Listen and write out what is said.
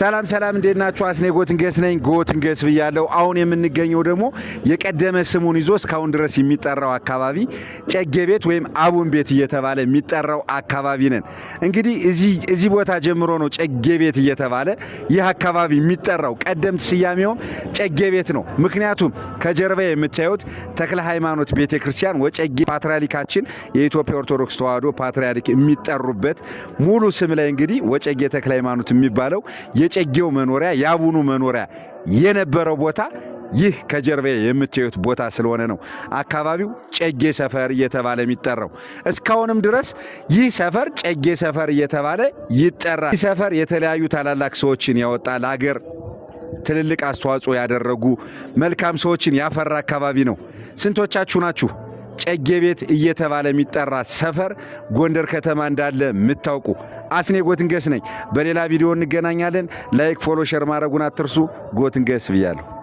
ሰላም ሰላም፣ እንዴት ናችሁ? አስኔ ጎትንገስ ነኝ። ጎትንገስ ብያለሁ። አሁን የምንገኘው ደግሞ የቀደመ ስሙን ይዞ እስካሁን ድረስ የሚጠራው አካባቢ ጨጌ ቤት ወይም አቡን ቤት እየተባለ የሚጠራው አካባቢ ነን። እንግዲህ እዚህ ቦታ ጀምሮ ነው ጨጌ ቤት እየተባለ ይህ አካባቢ የሚጠራው። ቀደምት ስያሜውም ጨጌ ቤት ነው። ምክንያቱም ከጀርባ የምታዩት ተክለ ሃይማኖት ቤተ ክርስቲያን ወጨጌ ፓትርያርካችን የኢትዮጵያ ኦርቶዶክስ ተዋህዶ ፓትርያርክ የሚጠሩበት ሙሉ ስም ላይ እንግዲህ ወጨጌ ተክለ ሃይማኖት የሚባለው የጨጌው መኖሪያ የአቡኑ መኖሪያ የነበረው ቦታ ይህ ከጀርባ የምታዩት ቦታ ስለሆነ ነው አካባቢው ጨጌ ሰፈር እየተባለ የሚጠራው። እስካሁንም ድረስ ይህ ሰፈር ጨጌ ሰፈር እየተባለ ይጠራል። ይህ ሰፈር የተለያዩ ታላላቅ ሰዎችን ያወጣ ለሀገር ትልልቅ አስተዋጽኦ ያደረጉ መልካም ሰዎችን ያፈራ አካባቢ ነው። ስንቶቻችሁ ናችሁ ጨጌ ቤት እየተባለ የሚጠራ ሰፈር ጎንደር ከተማ እንዳለ የምታውቁ? አስኔ ጎትንገስ ነኝ። በሌላ ቪዲዮ እንገናኛለን። ላይክ፣ ፎሎ፣ ሸር ማድረጉን አትርሱ። ጎትንገስ ብያለሁ።